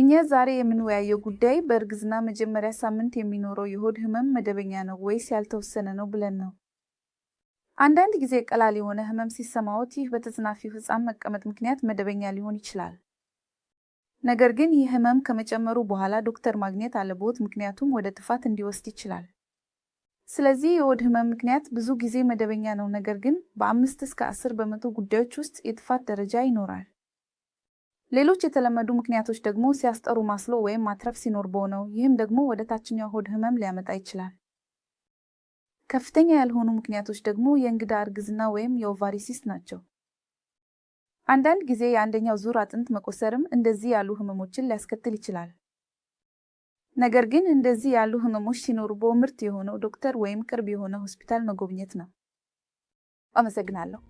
እኛ ዛሬ የምንወያየው ጉዳይ በእርግዝና መጀመሪያ ሳምንት የሚኖረው የሆድ ህመም መደበኛ ነው ወይስ ያልተወሰነ ነው ብለን ነው። አንዳንድ ጊዜ ቀላል የሆነ ህመም ሲሰማዎት፣ ይህ በተዝናፊው ህፃን መቀመጥ ምክንያት መደበኛ ሊሆን ይችላል። ነገር ግን ይህ ህመም ከመጨመሩ በኋላ ዶክተር ማግኘት አለብዎት፣ ምክንያቱም ወደ ጥፋት እንዲወስድ ይችላል። ስለዚህ የሆድ ህመም ምክንያት ብዙ ጊዜ መደበኛ ነው፣ ነገር ግን በአምስት እስከ አስር በመቶ ጉዳዮች ውስጥ የጥፋት ደረጃ ይኖራል። ሌሎች የተለመዱ ምክንያቶች ደግሞ ሲያስጠሩ ማስሎ ወይም ማትረፍ ሲኖርቦ ነው። ይህም ደግሞ ወደ ታችኛው ሆድ ህመም ሊያመጣ ይችላል። ከፍተኛ ያልሆኑ ምክንያቶች ደግሞ የእንግዳ እርግዝና ወይም የኦቫሪሲስ ናቸው። አንዳንድ ጊዜ የአንደኛው ዙር አጥንት መቆሰርም እንደዚህ ያሉ ህመሞችን ሊያስከትል ይችላል። ነገር ግን እንደዚህ ያሉ ህመሞች ሲኖርቦ ምርት የሆነው ዶክተር ወይም ቅርብ የሆነ ሆስፒታል መጎብኘት ነው። አመሰግናለሁ።